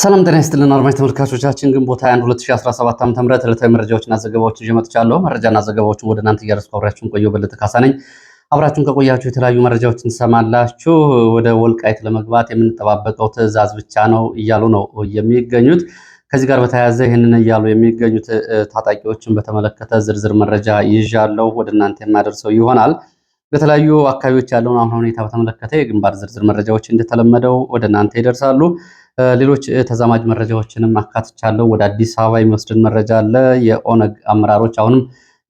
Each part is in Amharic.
ሰላም ጤና ይስጥልን አድማጭ ተመልካቾቻችን፣ ግንቦት 21 2017 ዓ.ም ዕለታዊ መረጃዎችና ዘገባዎች ይዤ መጥቻለሁ። መረጃና ዘገባዎችን ወደ እናንተ እያደረስኩ አብራችሁን ቆየሁ። በለጠ ካሳ ነኝ። አብራችሁን ከቆያችሁ የተለያዩ መረጃዎችን ትሰማላችሁ። ወደ ወልቃይት ለመግባት የምንጠባበቀው ትዕዛዝ ብቻ ነው እያሉ ነው የሚገኙት። ከዚህ ጋር በተያያዘ ይህንን እያሉ የሚገኙት ታጣቂዎችን በተመለከተ ዝርዝር መረጃ ይዣለሁ ወደ እናንተ የማደርሰው ይሆናል። በተለያዩ አካባቢዎች ያለውን አሁን ሁኔታ በተመለከተ የግንባር ዝርዝር መረጃዎች እንደተለመደው ወደ እናንተ ይደርሳሉ። ሌሎች ተዛማጅ መረጃዎችንም አካትቻለሁ። ወደ አዲስ አበባ የሚወስድን መረጃ አለ። የኦነግ አመራሮች አሁንም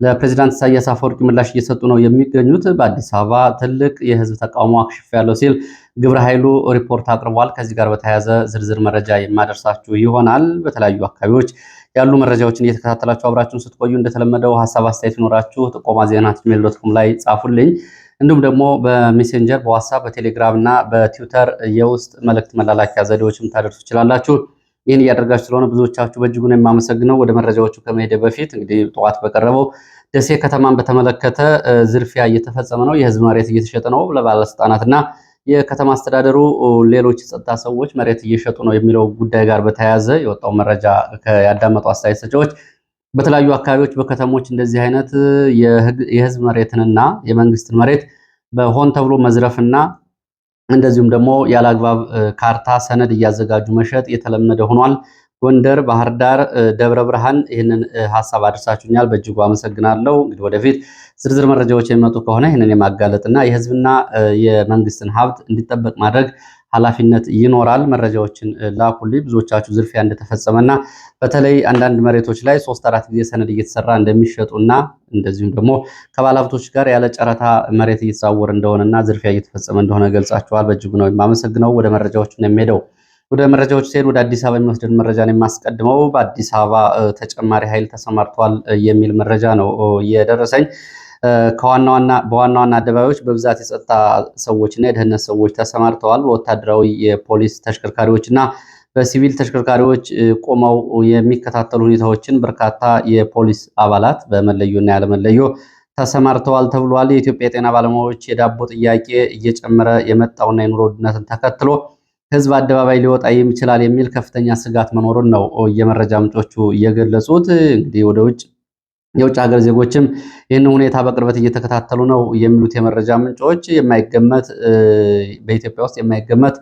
ለፕሬዚዳንት ኢሳያስ አፈወርቂ ምላሽ እየሰጡ ነው የሚገኙት። በአዲስ አበባ ትልቅ የህዝብ ተቃውሞ አክሽፍ ያለው ሲል ግብረ ኃይሉ ሪፖርት አቅርቧል። ከዚህ ጋር በተያያዘ ዝርዝር መረጃ የማደርሳችሁ ይሆናል። በተለያዩ አካባቢዎች ያሉ መረጃዎችን እየተከታተላችሁ አብራችሁን ስትቆዩ እንደተለመደው ሀሳብ አስተያየት ይኖራችሁ ጥቆማ ዜና ጂሜል ዶት ኮም ላይ ጻፉልኝ። እንዲሁም ደግሞ በሜሴንጀር በዋትሳፕ በቴሌግራም እና በትዊተር የውስጥ መልእክት መላላኪያ ዘዴዎችም ታደርሱ ትችላላችሁ። ይህን እያደረጋችሁ ስለሆነ ብዙዎቻችሁ በእጅጉን የማመሰግነው። ወደ መረጃዎቹ ከመሄደ በፊት እንግዲህ ጠዋት በቀረበው ደሴ ከተማን በተመለከተ ዝርፊያ እየተፈጸመ ነው፣ የህዝብ መሬት እየተሸጠ ነው፣ እና የከተማ አስተዳደሩ ሌሎች የጸጥታ ሰዎች መሬት እየሸጡ ነው የሚለው ጉዳይ ጋር በተያያዘ የወጣው መረጃ ያዳመጡ አስተያየት ሰጫዎች በተለያዩ አካባቢዎች በከተሞች እንደዚህ አይነት የህዝብ መሬትንና የመንግስትን መሬት በሆን ተብሎ መዝረፍና እንደዚሁም ደግሞ ያለአግባብ ካርታ ሰነድ እያዘጋጁ መሸጥ የተለመደ ሆኗል። ጎንደር፣ ባህር ዳር፣ ደብረ ብርሃን ይህንን ሀሳብ አድርሳችሁኛል፣ በእጅጉ አመሰግናለሁ። እንግዲህ ወደፊት ዝርዝር መረጃዎች የሚመጡ ከሆነ ይህንን የማጋለጥና የህዝብና የመንግስትን ሀብት እንዲጠበቅ ማድረግ ኃላፊነት ይኖራል። መረጃዎችን ላኩልኝ። ብዙዎቻችሁ ዝርፊያ እንደተፈጸመና በተለይ አንዳንድ መሬቶች ላይ ሶስት አራት ጊዜ ሰነድ እየተሰራ እንደሚሸጡና እንደዚሁም ደግሞ ከባለሀብቶች ጋር ያለ ጨረታ መሬት እየተዛወረ እንደሆነና ዝርፊያ እየተፈጸመ እንደሆነ ገልጻችኋል። በእጅጉ ነው የማመሰግነው። ወደ መረጃዎች የሚሄደው። ወደ መረጃዎች ሲሄድ ወደ አዲስ አበባ የሚወስደን መረጃ ነው የማስቀድመው። በአዲስ አበባ ተጨማሪ ኃይል ተሰማርቷል የሚል መረጃ ነው የደረሰኝ። ከዋና ዋና በዋና ዋና አደባባዮች በብዛት የጸጥታ ሰዎችና የደህንነት ሰዎች ተሰማርተዋል። በወታደራዊ የፖሊስ ተሽከርካሪዎች እና በሲቪል ተሽከርካሪዎች ቆመው የሚከታተሉ ሁኔታዎችን በርካታ የፖሊስ አባላት በመለዮና ያለመለዮ ተሰማርተዋል ተብሏል። የኢትዮጵያ የጤና ባለሙያዎች የዳቦ ጥያቄ እየጨመረ የመጣውና የኑሮ ውድነትን ተከትሎ ሕዝብ አደባባይ ሊወጣ ይችላል የሚል ከፍተኛ ስጋት መኖሩን ነው የመረጃ ምንጮቹ እየገለጹት እንግዲህ ወደ ውጭ የውጭ ሀገር ዜጎችም ይህን ሁኔታ በቅርበት እየተከታተሉ ነው የሚሉት የመረጃ ምንጮች የማይገመት በኢትዮጵያ ውስጥ የማይገመት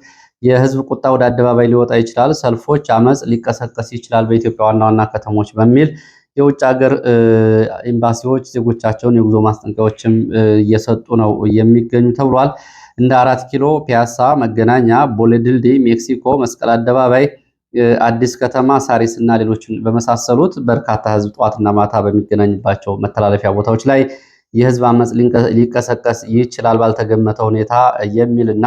የህዝብ ቁጣ ወደ አደባባይ ሊወጣ ይችላል፣ ሰልፎች፣ አመፅ ሊቀሰቀስ ይችላል በኢትዮጵያ ዋና ዋና ከተሞች በሚል የውጭ ሀገር ኤምባሲዎች ዜጎቻቸውን የጉዞ ማስጠንቀቂያዎችም እየሰጡ ነው የሚገኙ ተብሏል። እንደ አራት ኪሎ፣ ፒያሳ፣ መገናኛ፣ ቦሌ ድልድይ፣ ሜክሲኮ መስቀል አደባባይ አዲስ ከተማ፣ ሳሪስ እና ሌሎችን በመሳሰሉት በርካታ ህዝብ ጠዋትና ማታ በሚገናኝባቸው መተላለፊያ ቦታዎች ላይ የህዝብ አመፅ ሊቀሰቀስ ይችላል ባልተገመተ ሁኔታ የሚል እና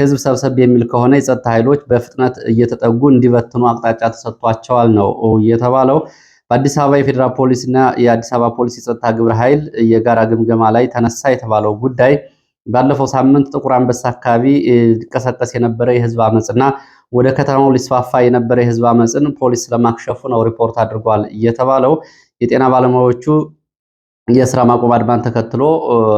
ህዝብ ሰብሰብ የሚል ከሆነ የጸጥታ ኃይሎች በፍጥነት እየተጠጉ እንዲበትኑ አቅጣጫ ተሰጥቷቸዋል ነው የተባለው። በአዲስ አበባ የፌዴራል ፖሊስ እና የአዲስ አበባ ፖሊስ የጸጥታ ግብረ ኃይል የጋራ ግምገማ ላይ ተነሳ የተባለው ጉዳይ ባለፈው ሳምንት ጥቁር አንበሳ አካባቢ ሊቀሰቀስ የነበረ የህዝብ አመፅና ወደ ከተማው ሊስፋፋ የነበረ የህዝብ አመፅን ፖሊስ ለማክሸፉ ነው ሪፖርት አድርጓል እየተባለው የጤና ባለሙያዎቹ የስራ ማቆም አድማን ተከትሎ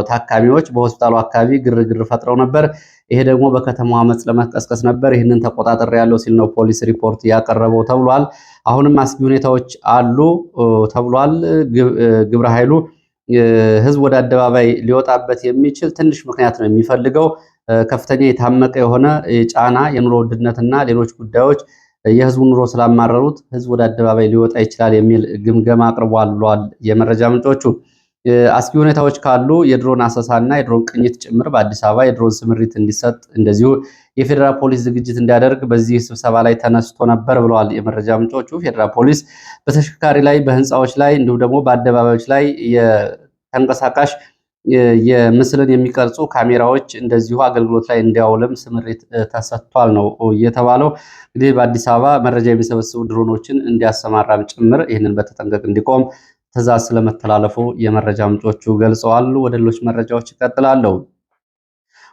ታካሚዎች በሆስፒታሉ አካባቢ ግርግር ፈጥረው ነበር። ይሄ ደግሞ በከተማው አመፅ ለመቀስቀስ ነበር። ይህንን ተቆጣጠር ያለው ሲል ነው ፖሊስ ሪፖርት ያቀረበው ተብሏል። አሁንም አስጊ ሁኔታዎች አሉ ተብሏል። ግብረ ኃይሉ ህዝብ ወደ አደባባይ ሊወጣበት የሚችል ትንሽ ምክንያት ነው የሚፈልገው ከፍተኛ የታመቀ የሆነ ጫና፣ የኑሮ ውድነትና ሌሎች ጉዳዮች የህዝቡን ኑሮ ስላማረሩት ህዝብ ወደ አደባባይ ሊወጣ ይችላል የሚል ግምገማ አቅርቧል ብሏል የመረጃ ምንጮቹ። አስጊ ሁኔታዎች ካሉ የድሮን አሰሳና የድሮን ቅኝት ጭምር በአዲስ አበባ የድሮን ስምሪት እንዲሰጥ እንደዚሁ የፌዴራል ፖሊስ ዝግጅት እንዲያደርግ በዚህ ስብሰባ ላይ ተነስቶ ነበር ብለዋል የመረጃ ምንጮቹ። ፌዴራል ፖሊስ በተሽከርካሪ ላይ፣ በህንፃዎች ላይ እንዲሁም ደግሞ በአደባባዮች ላይ የተንቀሳቃሽ የምስልን የሚቀርጹ ካሜራዎች እንደዚሁ አገልግሎት ላይ እንዲያውልም ስምሪት ተሰጥቷል ነው እየተባለው። እንግዲህ በአዲስ አበባ መረጃ የሚሰበስቡ ድሮኖችን እንዲያሰማራም ጭምር ይህንን በተጠንቀቅ እንዲቆም ትዕዛዝ ስለመተላለፉ የመረጃ ምንጮቹ ገልጸዋል። ወደ ሌሎች መረጃዎች ይቀጥላለሁ።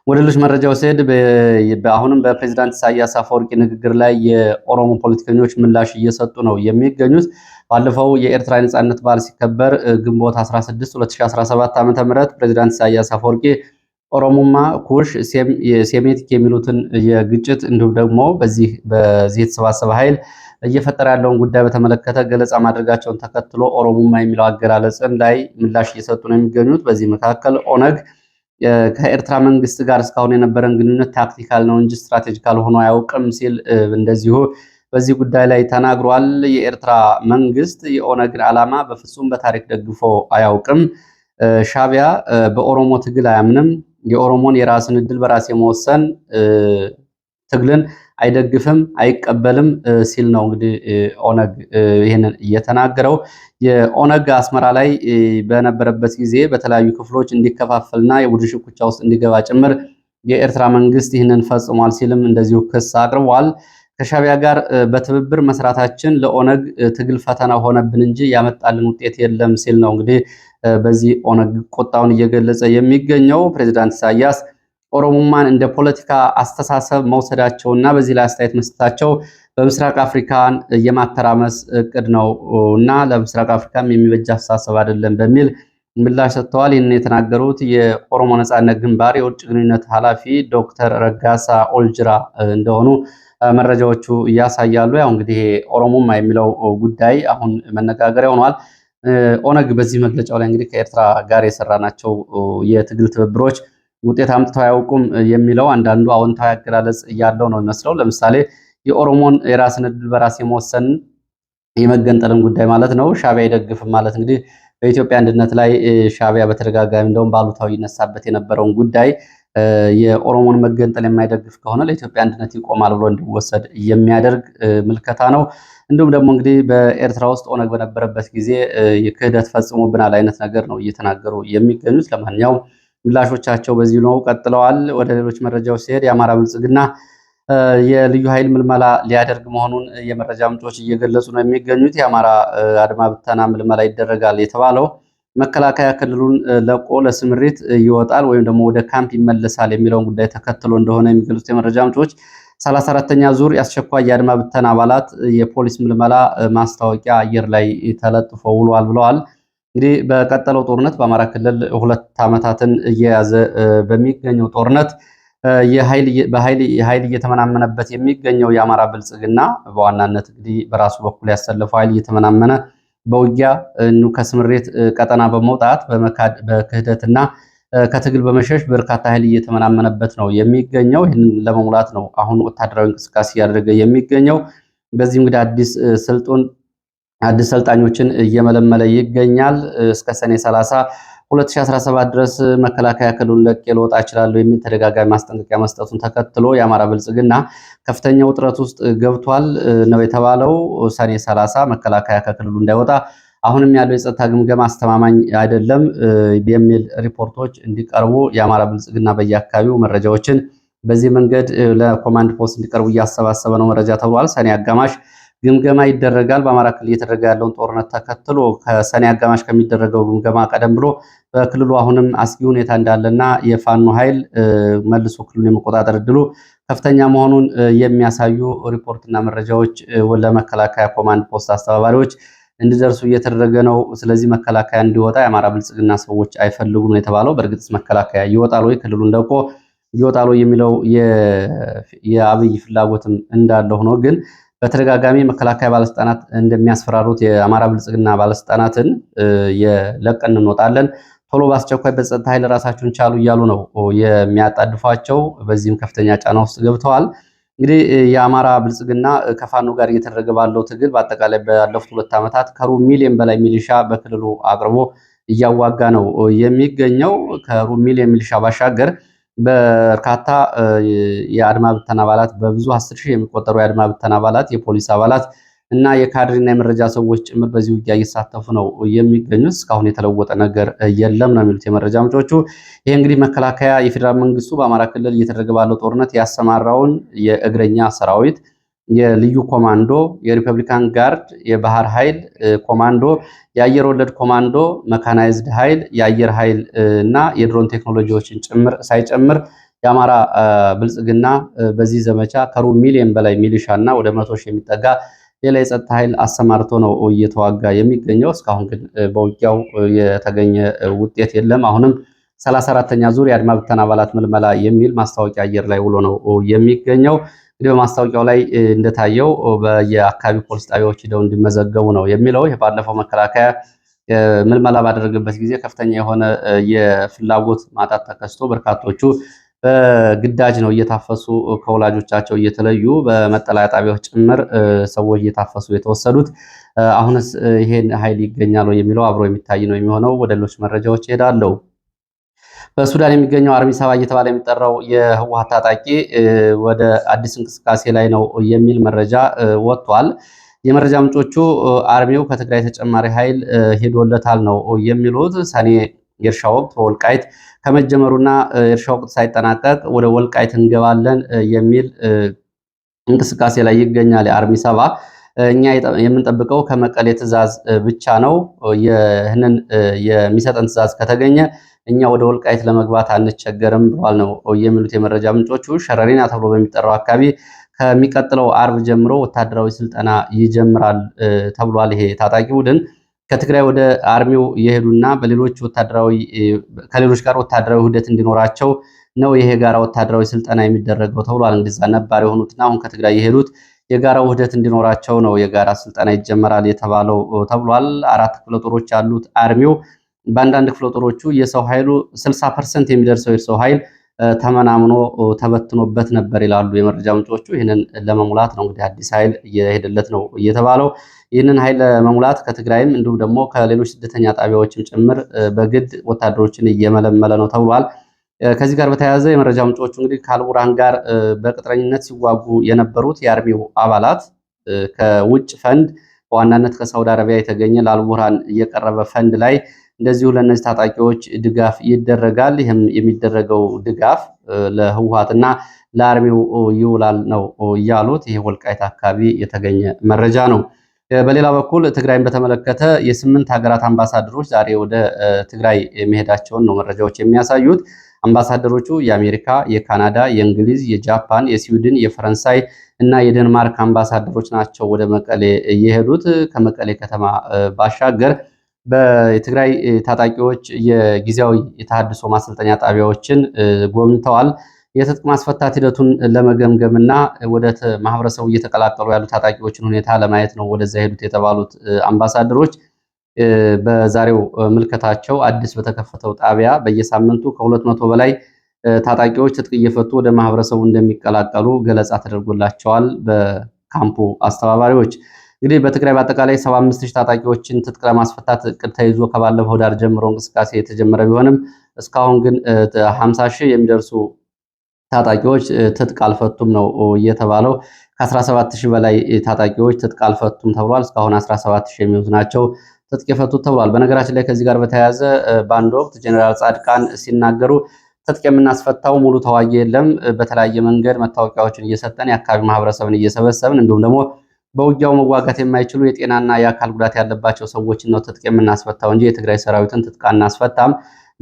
ወደ ሌሎች መረጃዎች ሲሄድ አሁንም በፕሬዚዳንት ኢሳያስ አፈወርቂ ንግግር ላይ የኦሮሞ ፖለቲከኞች ምላሽ እየሰጡ ነው የሚገኙት። ባለፈው የኤርትራ ነጻነት በዓል ሲከበር ግንቦት 16 2017 ዓ ም ፕሬዚዳንት ኢሳያስ አፈወርቂ ኦሮሞማ ኩሽ ሴሜቲክ የሚሉትን የግጭት እንዲሁም ደግሞ በዚህ በዚህ የተሰባሰበ ኃይል እየፈጠረ ያለውን ጉዳይ በተመለከተ ገለጻ ማድረጋቸውን ተከትሎ ኦሮሞማ የሚለው አገላለጽን ላይ ምላሽ እየሰጡ ነው የሚገኙት። በዚህ መካከል ኦነግ ከኤርትራ መንግስት ጋር እስካሁን የነበረን ግንኙነት ታክቲካል ነው እንጂ ስትራቴጂካል ሆኖ አያውቅም ሲል እንደዚሁ በዚህ ጉዳይ ላይ ተናግሯል። የኤርትራ መንግስት የኦነግን ዓላማ በፍጹም በታሪክ ደግፎ አያውቅም። ሻቢያ በኦሮሞ ትግል አያምንም። የኦሮሞን የራስን እድል በራስ የመወሰን ትግልን አይደግፍም፣ አይቀበልም ሲል ነው እንግዲህ ኦነግ ይህንን እየተናገረው። የኦነግ አስመራ ላይ በነበረበት ጊዜ በተለያዩ ክፍሎች እንዲከፋፈልና የቡድን ሽኩቻ ውስጥ እንዲገባ ጭምር የኤርትራ መንግስት ይህንን ፈጽሟል ሲልም እንደዚሁ ክስ አቅርቧል። ከሻቢያ ጋር በትብብር መስራታችን ለኦነግ ትግል ፈተና ሆነብን እንጂ ያመጣልን ውጤት የለም ሲል ነው እንግዲህ በዚህ ኦነግ ቁጣውን እየገለጸ የሚገኘው ፕሬዚዳንት ኢሳያስ ኦሮሞማን እንደ ፖለቲካ አስተሳሰብ መውሰዳቸው እና በዚህ ላይ አስተያየት መስጠታቸው በምስራቅ አፍሪካን የማተራመስ እቅድ ነው እና ለምስራቅ አፍሪካም የሚበጅ አስተሳሰብ አይደለም በሚል ምላሽ ሰጥተዋል። ይህንን የተናገሩት የኦሮሞ ነጻነት ግንባር የውጭ ግንኙነት ኃላፊ ዶክተር ረጋሳ ኦልጅራ እንደሆኑ መረጃዎቹ እያሳያሉ። ያው እንግዲህ ኦሮሞማ የሚለው ጉዳይ አሁን መነጋገሪያ ሆኗል። ኦነግ በዚህ መግለጫው ላይ እንግዲህ ከኤርትራ ጋር የሰራናቸው የትግል ትብብሮች ውጤት አምጥተው አያውቁም የሚለው አንዳንዱ አዎንታዊ አገላለጽ እያለው ነው የሚመስለው። ለምሳሌ የኦሮሞን የራስን እድል በራስ የመወሰን የመገንጠልን ጉዳይ ማለት ነው ሻቢያ አይደግፍም ማለት እንግዲህ በኢትዮጵያ አንድነት ላይ ሻቢያ በተደጋጋሚ እንደውም ባሉታዊ ይነሳበት የነበረውን ጉዳይ የኦሮሞን መገንጠል የማይደግፍ ከሆነ ለኢትዮጵያ አንድነት ይቆማል ብሎ እንዲወሰድ የሚያደርግ ምልከታ ነው። እንዲሁም ደግሞ እንግዲህ በኤርትራ ውስጥ ኦነግ በነበረበት ጊዜ ክህደት ፈጽሞብናል አይነት ነገር ነው እየተናገሩ የሚገኙት። ለማንኛውም ምላሾቻቸው በዚህ ነው ቀጥለዋል። ወደ ሌሎች መረጃዎች ሲሄድ የአማራ ብልጽግና የልዩ ኃይል ምልመላ ሊያደርግ መሆኑን የመረጃ ምንጮች እየገለጹ ነው የሚገኙት። የአማራ አድማ ብተና ምልመላ ይደረጋል የተባለው መከላከያ ክልሉን ለቆ ለስምሪት ይወጣል ወይም ደግሞ ወደ ካምፕ ይመለሳል የሚለውን ጉዳይ ተከትሎ እንደሆነ የሚገልጹት የመረጃ ምንጮች ሰላሳ አራተኛ ዙር የአስቸኳይ የአድማ ብተና አባላት የፖሊስ ምልመላ ማስታወቂያ አየር ላይ ተለጥፎ ውሏል ብለዋል። እንግዲህ በቀጠለው ጦርነት በአማራ ክልል ሁለት ዓመታትን እየያዘ በሚገኘው ጦርነት ኃይል እየተመናመነበት የሚገኘው የአማራ ብልጽግና በዋናነት እንግዲህ በራሱ በኩል ያሰለፈው ኃይል እየተመናመነ በውጊያ ከስምሬት ቀጠና በመውጣት በመካድ በክህደትና ከትግል በመሸሽ በርካታ ኃይል እየተመናመነበት ነው የሚገኘው። ይህንን ለመሙላት ነው አሁን ወታደራዊ እንቅስቃሴ እያደረገ የሚገኘው። በዚህም እንግዲህ አዲስ ስልጡን አዲስ ሰልጣኞችን እየመለመለ ይገኛል። እስከ ሰኔ 30 2017 ድረስ መከላከያ ክልሉን ለቄ ልወጣ እችላለሁ የሚል ተደጋጋሚ ማስጠንቀቂያ መስጠቱን ተከትሎ የአማራ ብልጽግና ከፍተኛ ውጥረት ውስጥ ገብቷል ነው የተባለው። ሰኔ 30 መከላከያ ከክልሉ እንዳይወጣ አሁንም ያለው የጸጥታ ግምገማ አስተማማኝ አይደለም የሚል ሪፖርቶች እንዲቀርቡ የአማራ ብልጽግና በየአካባቢው መረጃዎችን በዚህ መንገድ ለኮማንድ ፖስት እንዲቀርቡ እያሰባሰበ ነው መረጃ ተብሏል። ሰኔ አጋማሽ ግምገማ ይደረጋል። በአማራ ክልል እየተደረገ ያለውን ጦርነት ተከትሎ ከሰኔ አጋማሽ ከሚደረገው ግምገማ ቀደም ብሎ በክልሉ አሁንም አስጊ ሁኔታ እንዳለና የፋኖ ኃይል መልሶ ክልሉን የመቆጣጠር እድሉ ከፍተኛ መሆኑን የሚያሳዩ ሪፖርትና መረጃዎች ለመከላከያ ኮማንድ ፖስት አስተባባሪዎች እንዲደርሱ እየተደረገ ነው። ስለዚህ መከላከያ እንዲወጣ የአማራ ብልጽግና ሰዎች አይፈልጉም የተባለው። በእርግጥስ መከላከያ ይወጣል ወይ ክልሉን ደቆ ይወጣሉ የሚለው የአብይ ፍላጎትም እንዳለ ሆኖ ግን በተደጋጋሚ መከላከያ ባለስልጣናት እንደሚያስፈራሩት የአማራ ብልጽግና ባለስልጣናትን ለቀን እንወጣለን፣ ቶሎ በአስቸኳይ በጸጥታ ኃይል ራሳቸውን ቻሉ እያሉ ነው የሚያጣድፏቸው። በዚህም ከፍተኛ ጫና ውስጥ ገብተዋል። እንግዲህ የአማራ ብልጽግና ከፋኖ ጋር እየተደረገ ባለው ትግል በአጠቃላይ ባለፉት ሁለት ዓመታት ከሩብ ሚሊዮን በላይ ሚሊሻ በክልሉ አቅርቦ እያዋጋ ነው የሚገኘው። ከሩብ ሚሊዮን ሚሊሻ ባሻገር በርካታ የአድማ ብተን አባላት በብዙ አስር ሺህ የሚቆጠሩ የአድማ ብተን አባላት፣ የፖሊስ አባላት እና የካድሬና የመረጃ ሰዎች ጭምር በዚህ ውጊያ እየተሳተፉ ነው የሚገኙት። እስካሁን የተለወጠ ነገር የለም ነው የሚሉት የመረጃ ምንጮቹ። ይህ እንግዲህ መከላከያ የፌዴራል መንግስቱ በአማራ ክልል እየተደረገ ባለው ጦርነት ያሰማራውን የእግረኛ ሰራዊት የልዩ ኮማንዶ፣ የሪፐብሊካን ጋርድ፣ የባህር ኃይል ኮማንዶ፣ የአየር ወለድ ኮማንዶ፣ መካናይዝድ ኃይል፣ የአየር ኃይል እና የድሮን ቴክኖሎጂዎችን ጭምር ሳይጨምር የአማራ ብልጽግና በዚህ ዘመቻ ከሩብ ሚሊዮን በላይ ሚሊሻ እና ወደ መቶ ሺህ የሚጠጋ ሌላ የጸጥታ ኃይል አሰማርቶ ነው እየተዋጋ የሚገኘው። እስካሁን ግን በውጊያው የተገኘ ውጤት የለም። አሁንም ሰላሳ አራተኛ ዙር የአድማ ብተና አባላት ምልመላ የሚል ማስታወቂያ አየር ላይ ውሎ ነው የሚገኘው። እንግዲህ በማስታወቂያው ላይ እንደታየው በየአካባቢ ፖሊስ ጣቢያዎች ሂደው እንዲመዘገቡ ነው የሚለው። ይህ ባለፈው መከላከያ ምልመላ ባደረገበት ጊዜ ከፍተኛ የሆነ የፍላጎት ማጣት ተከስቶ በርካቶቹ በግዳጅ ነው እየታፈሱ ከወላጆቻቸው እየተለዩ በመጠለያ ጣቢያዎች ጭምር ሰዎች እየታፈሱ የተወሰዱት። አሁንስ ይሄን ኃይል ይገኛሉ የሚለው አብሮ የሚታይ ነው የሚሆነው። ወደ ሌሎች መረጃዎች ይሄዳለው። በሱዳን የሚገኘው አርሚ ሰባ እየተባለ የሚጠራው የህወሀት ታጣቂ ወደ አዲስ እንቅስቃሴ ላይ ነው የሚል መረጃ ወጥቷል። የመረጃ ምንጮቹ አርሚው ከትግራይ ተጨማሪ ኃይል ሄዶለታል ነው የሚሉት። ሰኔ የእርሻ ወቅት በወልቃይት ከመጀመሩና የእርሻ ወቅት ሳይጠናቀቅ ወደ ወልቃይት እንገባለን የሚል እንቅስቃሴ ላይ ይገኛል የአርሚ ሰባ። እኛ የምንጠብቀው ከመቀሌ ትዕዛዝ ብቻ ነው። ይህንን የሚሰጠን ትዕዛዝ ከተገኘ እኛ ወደ ወልቃይት ለመግባት አንቸገርም ብሏል ነው የሚሉት የመረጃ ምንጮቹ። ሸረሪና ተብሎ በሚጠራው አካባቢ ከሚቀጥለው አርብ ጀምሮ ወታደራዊ ስልጠና ይጀምራል ተብሏል። ይሄ ታጣቂ ቡድን ከትግራይ ወደ አርሚው የሄዱና በሌሎች ወታደራዊ ከሌሎች ጋር ወታደራዊ ውህደት እንዲኖራቸው ነው ይሄ ጋራ ወታደራዊ ስልጠና የሚደረገው ተብሏል። እንደዛ ነባር የሆኑትና አሁን ከትግራይ የሄዱት የጋራ ውህደት እንዲኖራቸው ነው የጋራ ስልጠና ይጀመራል የተባለው ተብሏል። አራት ክፍለ ጦሮች ያሉት አርሚው በአንዳንድ ክፍለ ጦሮቹ የሰው ኃይሉ 60 ፐርሰንት የሚደርሰው የሰው ኃይል ተመናምኖ ተበትኖበት ነበር ይላሉ የመረጃ ምንጮቹ። ይህንን ለመሙላት ነው እንግዲህ አዲስ ኃይል እየሄደለት ነው እየተባለው። ይህንን ኃይል ለመሙላት ከትግራይም እንዲሁም ደግሞ ከሌሎች ስደተኛ ጣቢያዎችም ጭምር በግድ ወታደሮችን እየመለመለ ነው ተብሏል። ከዚህ ጋር በተያያዘ የመረጃ ምንጮቹ እንግዲህ ከአልቡርሃን ጋር በቅጥረኝነት ሲዋጉ የነበሩት የአርሚው አባላት ከውጭ ፈንድ በዋናነት ከሳውዲ አረቢያ የተገኘ ለአልቡርሃን እየቀረበ ፈንድ ላይ እንደዚሁ ለእነዚህ ታጣቂዎች ድጋፍ ይደረጋል። ይህም የሚደረገው ድጋፍ ለህወሓትና ለአርሚው ይውላል ነው ያሉት። ይሄ ወልቃይት አካባቢ የተገኘ መረጃ ነው። በሌላ በኩል ትግራይን በተመለከተ የስምንት ሀገራት አምባሳደሮች ዛሬ ወደ ትግራይ መሄዳቸውን ነው መረጃዎች የሚያሳዩት። አምባሳደሮቹ የአሜሪካ፣ የካናዳ፣ የእንግሊዝ፣ የጃፓን፣ የስዊድን፣ የፈረንሳይ እና የደንማርክ አምባሳደሮች ናቸው ወደ መቀሌ የሄዱት። ከመቀሌ ከተማ ባሻገር የትግራይ ታጣቂዎች የጊዜያዊ የተሃድሶ ማሰልጠኛ ጣቢያዎችን ጎብኝተዋል። የትጥቅ ማስፈታት ሂደቱን ለመገምገም እና ወደ ማህበረሰቡ እየተቀላቀሉ ያሉ ታጣቂዎችን ሁኔታ ለማየት ነው ወደዚያ ሄዱት የተባሉት አምባሳደሮች በዛሬው ምልከታቸው አዲስ በተከፈተው ጣቢያ በየሳምንቱ ከሁለት መቶ በላይ ታጣቂዎች ትጥቅ እየፈቱ ወደ ማህበረሰቡ እንደሚቀላቀሉ ገለጻ ተደርጎላቸዋል በካምፑ አስተባባሪዎች። እንግዲህ በትግራይ በአጠቃላይ ሰባ ሺህ ታጣቂዎችን ትጥቅ ለማስፈታት እቅድ ተይዞ ከባለፈው ዳር ጀምሮ እንቅስቃሴ የተጀመረ ቢሆንም እስካሁን ግን 50 ሺህ የሚደርሱ ታጣቂዎች ትጥቅ አልፈቱም ነው እየተባለው። ከ17 ሺህ በላይ ታጣቂዎች ትጥቅ አልፈቱም ተብሏል። እስካሁን 17 ሺህ የሚሆኑት ናቸው ትጥቅ የፈቱት ተብሏል። በነገራችን ላይ ከዚህ ጋር በተያያዘ በአንድ ወቅት ጀኔራል ጻድቃን ሲናገሩ ትጥቅ የምናስፈታው ሙሉ ተዋጊ የለም፣ በተለያየ መንገድ መታወቂያዎችን እየሰጠን የአካባቢ ማህበረሰብን እየሰበሰብን እንዲሁም ደግሞ በውጊያው መዋጋት የማይችሉ የጤናና የአካል ጉዳት ያለባቸው ሰዎችን ነው ትጥቅ የምናስፈታው እንጂ የትግራይ ሰራዊትን ትጥቅ አናስፈታም።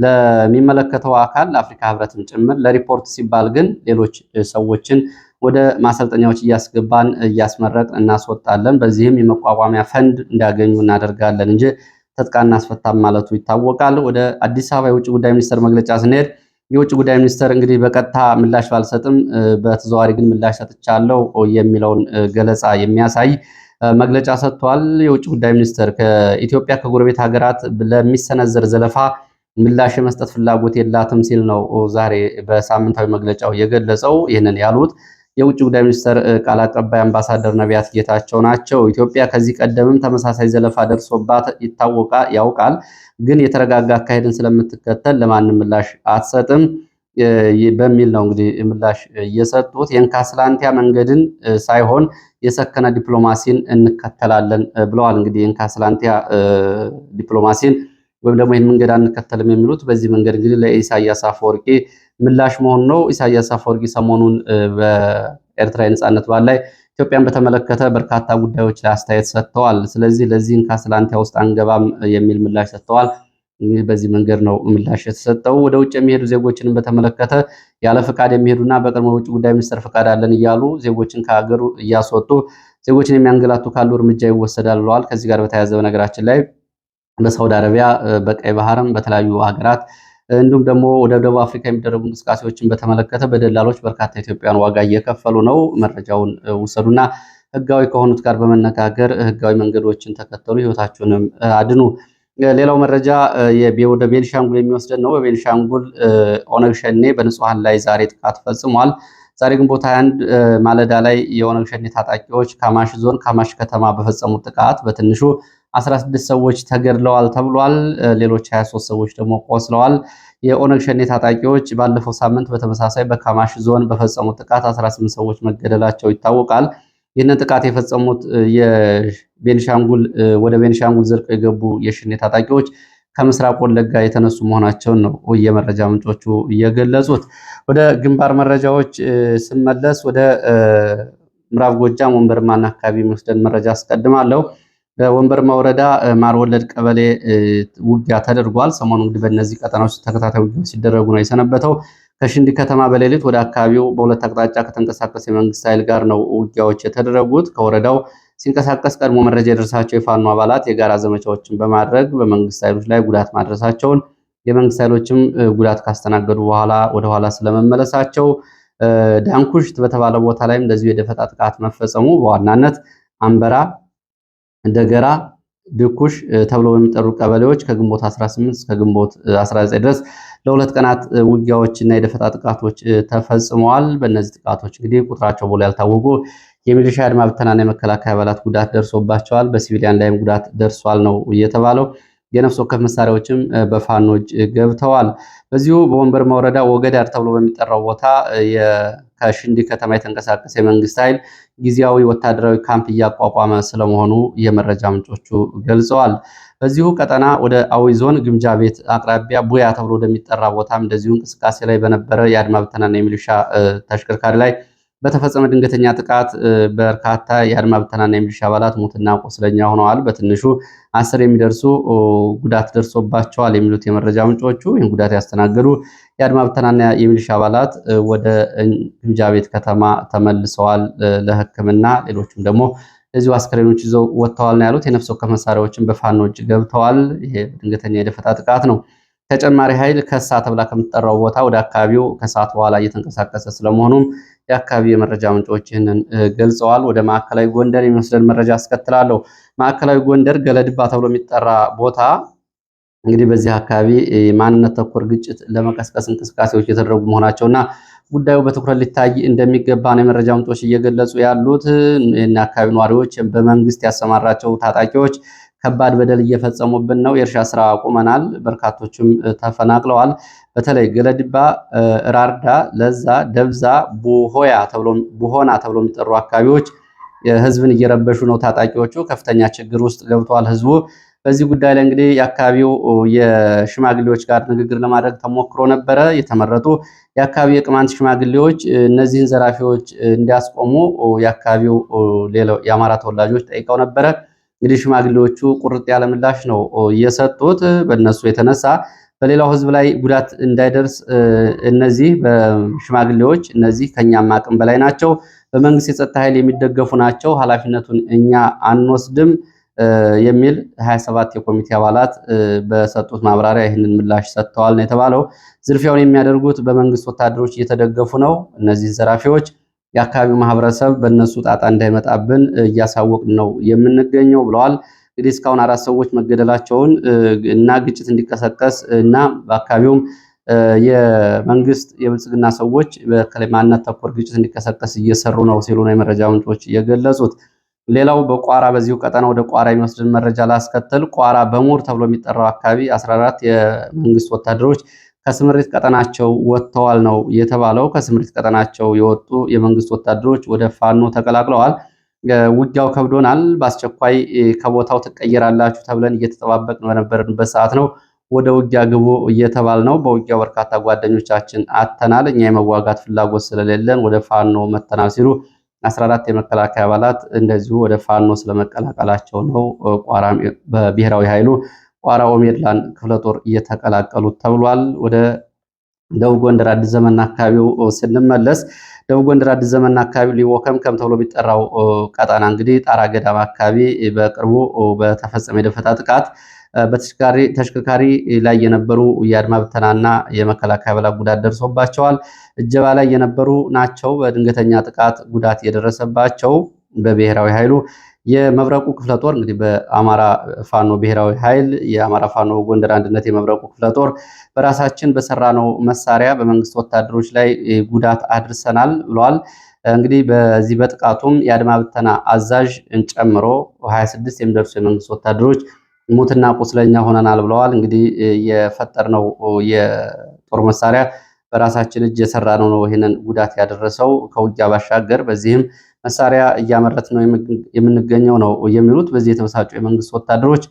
ለሚመለከተው አካል ለአፍሪካ ሕብረትም ጭምር ለሪፖርት ሲባል ግን ሌሎች ሰዎችን ወደ ማሰልጠኛዎች እያስገባን እያስመረቅ እናስወጣለን። በዚህም የመቋቋሚያ ፈንድ እንዲያገኙ እናደርጋለን እንጂ ትጥቅ አናስፈታም ማለቱ ይታወቃል። ወደ አዲስ አበባ የውጭ ጉዳይ ሚኒስቴር መግለጫ ስንሄድ የውጭ ጉዳይ ሚኒስተር እንግዲህ በቀጥታ ምላሽ ባልሰጥም በተዘዋዋሪ ግን ምላሽ ሰጥቻለሁ የሚለውን ገለጻ የሚያሳይ መግለጫ ሰጥቷል። የውጭ ጉዳይ ሚኒስተር ከኢትዮጵያ ከጎረቤት ሀገራት ለሚሰነዘር ዘለፋ ምላሽ የመስጠት ፍላጎት የላትም ሲል ነው ዛሬ በሳምንታዊ መግለጫው የገለጸው። ይህንን ያሉት የውጭ ጉዳይ ሚኒስቴር ቃል አቀባይ አምባሳደር ነቢያት ጌታቸው ናቸው። ኢትዮጵያ ከዚህ ቀደምም ተመሳሳይ ዘለፋ ደርሶባት ይታወቃ ያውቃል፣ ግን የተረጋጋ አካሄድን ስለምትከተል ለማንም ምላሽ አትሰጥም በሚል ነው እንግዲህ ምላሽ እየሰጡት የእንካስላንቲያ መንገድን ሳይሆን የሰከነ ዲፕሎማሲን እንከተላለን ብለዋል። እንግዲህ የእንካስላንቲያ ዲፕሎማሲን ወይም ደግሞ ይህን መንገድ አንከተልም የሚሉት በዚህ መንገድ እንግዲህ ለኢሳያስ አፈወርቂ ምላሽ መሆኑ ነው። ኢሳያስ አፈወርቂ ሰሞኑን በኤርትራ የነጻነት በዓል ላይ ኢትዮጵያን በተመለከተ በርካታ ጉዳዮች ላይ አስተያየት ሰጥተዋል። ስለዚህ ለዚህን ካስላንቲያ ውስጥ አንገባም የሚል ምላሽ ሰጥተዋል። በዚህ መንገድ ነው ምላሽ የተሰጠው። ወደ ውጭ የሚሄዱ ዜጎችንም በተመለከተ ያለ ፍቃድ የሚሄዱና በቀድሞ ውጭ ጉዳይ ሚኒስትር ፍቃድ አለን እያሉ ዜጎችን ከሀገሩ እያስወጡ ዜጎችን የሚያንገላቱ ካሉ እርምጃ ይወሰዳል ብለዋል። ከዚህ ጋር በተያያዘ በነገራችን ላይ በሳውዲ አረቢያ በቀይ ባህርም በተለያዩ ሀገራት እንዲሁም ደግሞ ወደ ደቡብ አፍሪካ የሚደረጉ እንቅስቃሴዎችን በተመለከተ በደላሎች በርካታ ኢትዮጵያን ዋጋ እየከፈሉ ነው። መረጃውን ውሰዱና ህጋዊ ከሆኑት ጋር በመነጋገር ህጋዊ መንገዶችን ተከተሉ፣ ህይወታችሁንም አድኑ። ሌላው መረጃ ወደ ቤንሻንጉል የሚወስደን ነው። በቤንሻንጉል ኦነግ ሸኔ በንጹሐን ላይ ዛሬ ጥቃት ፈጽሟል። ዛሬ ግንቦት 21 ማለዳ ላይ የኦነግ ሸኔ ታጣቂዎች ካማሽ ዞን ካማሽ ከተማ በፈጸሙት ጥቃት በትንሹ 16 ሰዎች ተገድለዋል ተብሏል። ሌሎች 23 ሰዎች ደግሞ ቆስለዋል። የኦነግ ሸኔ ታጣቂዎች ባለፈው ሳምንት በተመሳሳይ በካማሽ ዞን በፈጸሙት ጥቃት 18 ሰዎች መገደላቸው ይታወቃል። ይህንን ጥቃት የፈጸሙት የቤንሻንጉል ወደ ቤንሻንጉል ዘልቀ የገቡ የሸኔ ታጣቂዎች ከምስራቅ ወለጋ የተነሱ መሆናቸውን ነው የመረጃ ምንጮቹ እየገለጹት። ወደ ግንባር መረጃዎች ስመለስ ወደ ምዕራብ ጎጃም ወንበርማና አካባቢ የሚወስደን መረጃ አስቀድማለሁ። በወንበርማ ወረዳ ማር ወለድ ቀበሌ ውጊያ ተደርጓል። ሰሞኑ እንግዲህ በእነዚህ ቀጠናዎች ተከታታይ ውጊያ ሲደረጉ ነው የሰነበተው። ከሽንዲ ከተማ በሌሊት ወደ አካባቢው በሁለት አቅጣጫ ከተንቀሳቀስ የመንግስት ኃይል ጋር ነው ውጊያዎች የተደረጉት። ከወረዳው ሲንቀሳቀስ ቀድሞ መረጃ የደረሳቸው የፋኖ አባላት የጋራ ዘመቻዎችን በማድረግ በመንግስት ኃይሎች ላይ ጉዳት ማድረሳቸውን የመንግስት ኃይሎችም ጉዳት ካስተናገዱ በኋላ ወደኋላ ስለመመለሳቸው ዳንኩሽት በተባለ ቦታ ላይም እንደዚሁ የደፈጣ ጥቃት መፈጸሙ በዋናነት አንበራ እንደገራ ድኩሽ ተብሎ በሚጠሩ ቀበሌዎች ከግንቦት 18 እስከ ግንቦት 19 ድረስ ለሁለት ቀናት ውጊያዎች እና የደፈጣ ጥቃቶች ተፈጽመዋል። በእነዚህ ጥቃቶች እንግዲህ ቁጥራቸው ቦሎ ያልታወቁ የሚሊሻ አድማ ብተናና የመከላከያ አባላት ጉዳት ደርሶባቸዋል። በሲቪሊያን ላይም ጉዳት ደርሷል ነው የተባለው። የነፍስ ወከፍ መሳሪያዎችም በፋኖች ገብተዋል። በዚሁ በወንበርማ ወረዳ ወገዳር ተብሎ በሚጠራው ቦታ ከሽንዲ ከተማ የተንቀሳቀሰ የመንግስት ኃይል ጊዜያዊ ወታደራዊ ካምፕ እያቋቋመ ስለመሆኑ የመረጃ ምንጮቹ ገልጸዋል። በዚሁ ቀጠና ወደ አዊ ዞን ግምጃ ቤት አቅራቢያ ቡያ ተብሎ ወደሚጠራ ቦታም እንደዚሁ እንቅስቃሴ ላይ በነበረ የአድማ ብተናና የሚሊሻ ተሽከርካሪ ላይ በተፈጸመ ድንገተኛ ጥቃት በርካታ የአድማ ብተናና የሚሊሻ አባላት ሞትና ቆስለኛ ሆነዋል። በትንሹ አስር የሚደርሱ ጉዳት ደርሶባቸዋል የሚሉት የመረጃ ምንጮቹ ይህን ጉዳት ያስተናገዱ የአድማ ብተናና የሚሊሻ አባላት ወደ ግምጃ ቤት ከተማ ተመልሰዋል ለሕክምና ሌሎችም ደግሞ እዚሁ አስከሬኖች ይዘው ወጥተዋል ነው ያሉት። የነፍስ ወከፍ መሳሪያዎችን በፋኖ እጅ ገብተዋል። ይሄ ድንገተኛ የደፈጣ ጥቃት ነው። ተጨማሪ ኃይል ከሳ ተብላ ከምትጠራው ቦታ ወደ አካባቢው ከሰዓት በኋላ እየተንቀሳቀሰ ስለመሆኑም የአካባቢ የመረጃ ምንጮች ይህንን ገልጸዋል። ወደ ማዕከላዊ ጎንደር የሚወስደን መረጃ አስከትላለሁ። ማዕከላዊ ጎንደር ገለድባ ተብሎ የሚጠራ ቦታ እንግዲህ በዚህ አካባቢ የማንነት ተኮር ግጭት ለመቀስቀስ እንቅስቃሴዎች የተደረጉ መሆናቸውና ጉዳዩ በትኩረት ሊታይ እንደሚገባ ነው የመረጃ ምንጮች እየገለጹ ያሉት። አካባቢ ነዋሪዎች በመንግስት ያሰማራቸው ታጣቂዎች ከባድ በደል እየፈጸሙብን ነው፣ የእርሻ ስራ አቁመናል፣ በርካቶችም ተፈናቅለዋል። በተለይ ገለድባ፣ ራርዳ፣ ለዛ፣ ደብዛ፣ ቡሆያ ቡሆና ተብሎ የሚጠሩ አካባቢዎች ህዝብን እየረበሹ ነው። ታጣቂዎቹ ከፍተኛ ችግር ውስጥ ገብተዋል። ህዝቡ በዚህ ጉዳይ ላይ እንግዲህ የአካባቢው የሽማግሌዎች ጋር ንግግር ለማድረግ ተሞክሮ ነበረ። የተመረጡ የአካባቢው የቅማንት ሽማግሌዎች እነዚህን ዘራፊዎች እንዲያስቆሙ የአካባቢው ሌላው የአማራ ተወላጆች ጠይቀው ነበረ። እንግዲህ ሽማግሌዎቹ ቁርጥ ያለ ምላሽ ነው የሰጡት። በእነሱ የተነሳ በሌላው ህዝብ ላይ ጉዳት እንዳይደርስ እነዚህ በሽማግሌዎች እነዚህ ከእኛም አቅም በላይ ናቸው፣ በመንግስት የጸጥታ ኃይል የሚደገፉ ናቸው፣ ኃላፊነቱን እኛ አንወስድም የሚል 27 የኮሚቴ አባላት በሰጡት ማብራሪያ ይህንን ምላሽ ሰጥተዋል ነው የተባለው። ዝርፊያውን የሚያደርጉት በመንግስት ወታደሮች እየተደገፉ ነው። እነዚህ ዘራፊዎች የአካባቢው ማህበረሰብ በእነሱ ጣጣ እንዳይመጣብን እያሳወቅን ነው የምንገኘው ብለዋል። እንግዲህ እስካሁን አራት ሰዎች መገደላቸውን እና ግጭት እንዲቀሰቀስ እና በአካባቢውም የመንግስት የብልጽግና ሰዎች በተለይ ማንነት ተኮር ግጭት እንዲቀሰቀስ እየሰሩ ነው ሲሉ ነው የመረጃ ምንጮች የገለጹት። ሌላው በቋራ በዚሁ ቀጠና ወደ ቋራ የሚወስድን መረጃ ላስከትል። ቋራ በሙር ተብሎ የሚጠራው አካባቢ 14 የመንግስት ወታደሮች ከስምሪት ቀጠናቸው ወጥተዋል ነው የተባለው። ከስምሪት ቀጠናቸው የወጡ የመንግስት ወታደሮች ወደ ፋኖ ተቀላቅለዋል። ውጊያው ከብዶናል፣ በአስቸኳይ ከቦታው ትቀየራላችሁ ተብለን እየተጠባበቅን በነበርንበት ሰዓት ነው ወደ ውጊያ ግቡ እየተባል ነው። በውጊያው በርካታ ጓደኞቻችን አተናል፣ እኛ የመዋጋት ፍላጎት ስለሌለን ወደ ፋኖ መተናል ሲሉ 14 የመከላከያ አባላት እንደዚሁ ወደ ፋኖ ስለመቀላቀላቸው ነው በብሔራዊ ኃይሉ ቋራ ኦሜድላን ክፍለ ጦር እየተቀላቀሉት ተብሏል። ወደ ደቡብ ጎንደር አዲስ ዘመንና አካባቢው ስንመለስ ደቡብ ጎንደር አዲስ ዘመንና አካባቢው ሊወከም ከም ተብሎ የሚጠራው ቀጠና እንግዲህ ጣራ ገዳማ አካባቢ በቅርቡ በተፈጸመ የደፈጣ ጥቃት ተሽከርካሪ ላይ የነበሩ የአድማ ብተናና የመከላከያ አባላት ጉዳት ደርሶባቸዋል። እጀባ ላይ የነበሩ ናቸው። በድንገተኛ ጥቃት ጉዳት የደረሰባቸው በብሔራዊ ኃይሉ የመብረቁ ክፍለ ጦር እንግዲህ በአማራ ፋኖ ብሔራዊ ኃይል የአማራ ፋኖ ጎንደር አንድነት የመብረቁ ክፍለ ጦር በራሳችን በሰራነው መሳሪያ በመንግስት ወታደሮች ላይ ጉዳት አድርሰናል ብሏል። እንግዲህ በዚህ በጥቃቱም የአድማ ብተና አዛዥን ጨምሮ 26 የሚደርሱ የመንግስት ወታደሮች ሙትና ቁስለኛ ሆነናል ብለዋል። እንግዲህ የፈጠርነው የጦር መሳሪያ በራሳችን እጅ የሰራነው ነው ይህንን ጉዳት ያደረሰው ከውጊያ ባሻገር በዚህም መሳሪያ እያመረት ነው የምንገኘው ነው የሚሉት። በዚህ የተበሳጩ የመንግስት ወታደሮች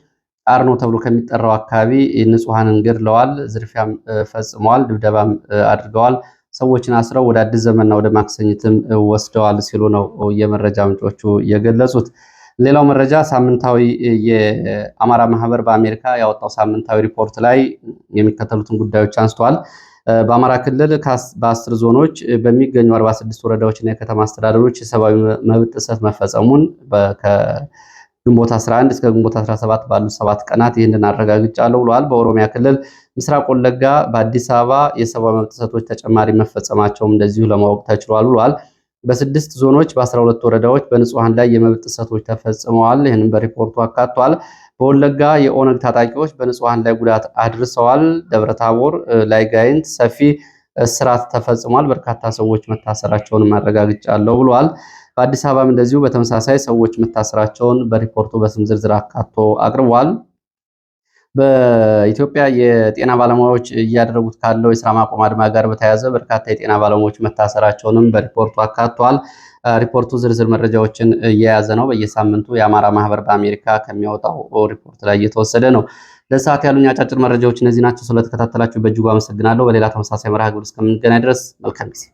አርኖ ተብሎ ከሚጠራው አካባቢ ንጹሐንን ገድለዋል፣ ዝርፊያም ፈጽመዋል፣ ድብደባም አድርገዋል፣ ሰዎችን አስረው ወደ አዲስ ዘመንና ወደ ማክሰኝትም ወስደዋል ሲሉ ነው የመረጃ ምንጮቹ የገለጹት። ሌላው መረጃ ሳምንታዊ የአማራ ማህበር በአሜሪካ ያወጣው ሳምንታዊ ሪፖርት ላይ የሚከተሉትን ጉዳዮች አንስተዋል። በአማራ ክልል በአስር ዞኖች በሚገኙ 46 ወረዳዎችና የከተማ አስተዳደሮች የሰብአዊ መብት ጥሰት መፈጸሙን ከግንቦት 11 እስከ ግንቦት 17 ባሉት ሰባት ቀናት ይህንን አረጋግጫለሁ ብለዋል። በኦሮሚያ ክልል ምስራቅ ወለጋ፣ በአዲስ አበባ የሰብአዊ መብት ጥሰቶች ተጨማሪ መፈጸማቸውም እንደዚሁ ለማወቅ ተችሏል ብለዋል። በስድስት ዞኖች በ12 ወረዳዎች በንጹሐን ላይ የመብት ጥሰቶች ተፈጽመዋል። ይህንም በሪፖርቱ አካቷል። በወለጋ የኦነግ ታጣቂዎች በንጹሐን ላይ ጉዳት አድርሰዋል። ደብረታቦር ላይ ጋይንት ሰፊ ስራት ተፈጽሟል። በርካታ ሰዎች መታሰራቸውን ማረጋግጫለሁ ብሏል። በአዲስ አበባም እንደዚሁ በተመሳሳይ ሰዎች መታሰራቸውን በሪፖርቱ በስም ዝርዝር አካቶ አቅርቧል። በኢትዮጵያ የጤና ባለሙያዎች እያደረጉት ካለው የስራ ማቆም አድማ ጋር በተያያዘ በርካታ የጤና ባለሙያዎች መታሰራቸውንም በሪፖርቱ አካቷል። ሪፖርቱ ዝርዝር መረጃዎችን እየያዘ ነው። በየሳምንቱ የአማራ ማህበር በአሜሪካ ከሚያወጣው ሪፖርት ላይ እየተወሰደ ነው። ለሰዓት ያሉኝ አጫጭር መረጃዎች እነዚህ ናቸው። ስለተከታተላችሁ በእጅጉ አመሰግናለሁ። በሌላ ተመሳሳይ መርሃ ግብር እስከምንገናኝ ድረስ መልካም ጊዜ